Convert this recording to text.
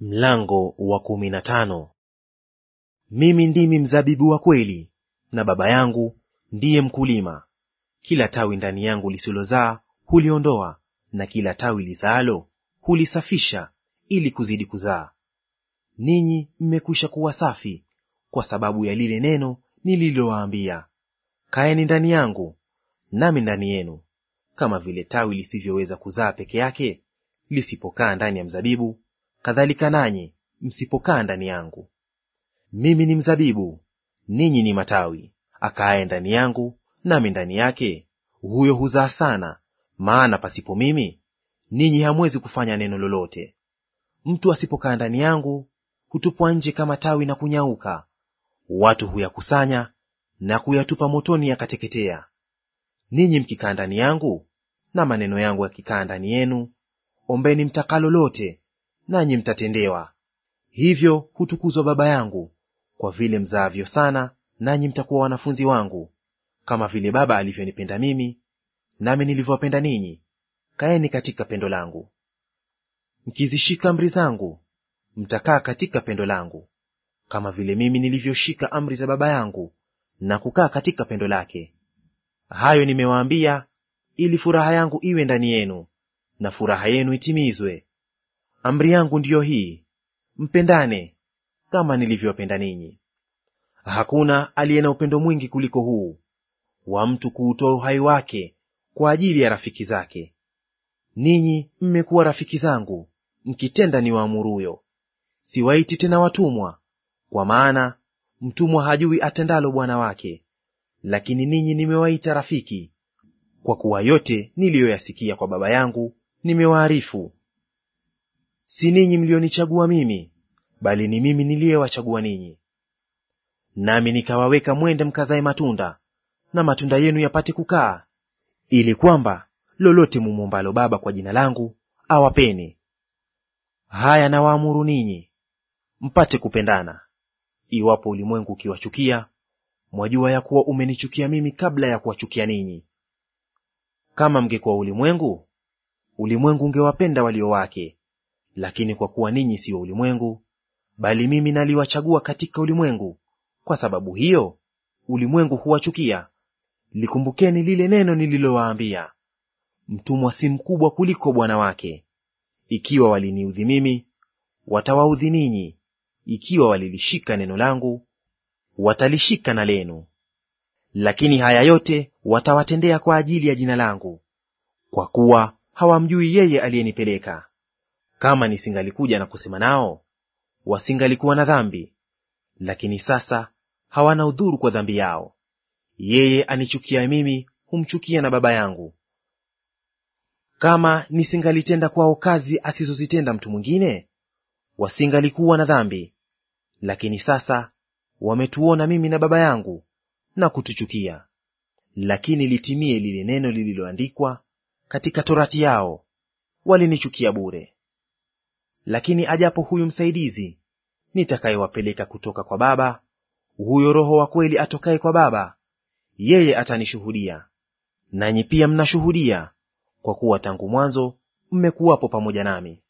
Mlango wa kumi na tano. Mimi ndimi mzabibu wa kweli, na Baba yangu ndiye mkulima. Kila tawi ndani yangu lisilozaa huliondoa, na kila tawi lizaalo hulisafisha, ili kuzidi kuzaa. Ninyi mmekwisha kuwa safi kwa sababu ya lile neno nililowaambia. Kaeni ndani yangu, nami ndani yenu. Kama vile tawi lisivyoweza kuzaa peke yake lisipokaa ndani ya mzabibu kadhalika nanyi msipokaa ndani yangu. Mimi ni mzabibu, ninyi ni matawi. Akaaye ndani yangu, nami ndani yake, huyo huzaa sana, maana pasipo mimi ninyi hamwezi kufanya neno lolote. Mtu asipokaa ndani yangu, hutupwa nje kama tawi na kunyauka; watu huyakusanya na kuyatupa motoni, yakateketea. Ninyi mkikaa ndani yangu, na maneno yangu yakikaa ndani yenu, ombeni mtakalo lote, nanyi mtatendewa. Hivyo hutukuzwa Baba yangu, kwa vile mzaavyo sana, nanyi mtakuwa wanafunzi wangu. Kama vile Baba alivyonipenda mimi, nami nilivyowapenda ninyi, kaeni katika pendo langu. Mkizishika amri zangu, mtakaa katika pendo langu, kama vile mimi nilivyoshika amri za Baba yangu na kukaa katika pendo lake. Hayo nimewaambia, ili furaha yangu iwe ndani yenu na furaha yenu itimizwe. Amri yangu ndiyo hii, mpendane kama nilivyowapenda ninyi. Hakuna aliye na upendo mwingi kuliko huu, wa mtu kuutoa uhai wake kwa ajili ya rafiki zake. Ninyi mmekuwa rafiki zangu mkitenda niwaamuruyo. Siwaiti tena watumwa, kwa maana mtumwa hajui atendalo bwana wake, lakini ninyi nimewaita rafiki, kwa kuwa yote niliyoyasikia kwa Baba yangu nimewaarifu. Si ninyi mlionichagua mimi, bali ni mimi niliyewachagua ninyi, nami nikawaweka mwende mkazae matunda, na matunda yenu yapate kukaa, ili kwamba lolote mumwombalo Baba kwa jina langu awapeni. Haya nawaamuru ninyi, mpate kupendana. Iwapo ulimwengu ukiwachukia, mwajua ya kuwa umenichukia mimi kabla ya kuwachukia ninyi. Kama mngekuwa ulimwengu, ulimwengu ungewapenda walio wake. Lakini kwa kuwa ninyi si wa ulimwengu, bali mimi naliwachagua katika ulimwengu, kwa sababu hiyo ulimwengu huwachukia. Likumbukeni lile neno nililowaambia, mtumwa si mkubwa kuliko bwana wake. Ikiwa waliniudhi mimi, watawaudhi ninyi; ikiwa walilishika neno langu, watalishika na lenu. Lakini haya yote watawatendea kwa ajili ya jina langu, kwa kuwa hawamjui yeye aliyenipeleka. Kama nisingalikuja na kusema nao, wasingalikuwa na dhambi, lakini sasa hawana udhuru kwa dhambi yao. Yeye anichukia mimi humchukia na Baba yangu. Kama nisingalitenda kwao kazi asizozitenda mtu mwingine, wasingalikuwa na dhambi, lakini sasa wametuona mimi na Baba yangu na kutuchukia. Lakini litimie lile neno lililoandikwa katika torati yao, walinichukia bure. Lakini ajapo huyu msaidizi nitakayewapeleka kutoka kwa Baba, huyo Roho wa kweli atokaye kwa Baba, yeye atanishuhudia. Nanyi pia mnashuhudia, kwa kuwa tangu mwanzo mmekuwapo pamoja nami.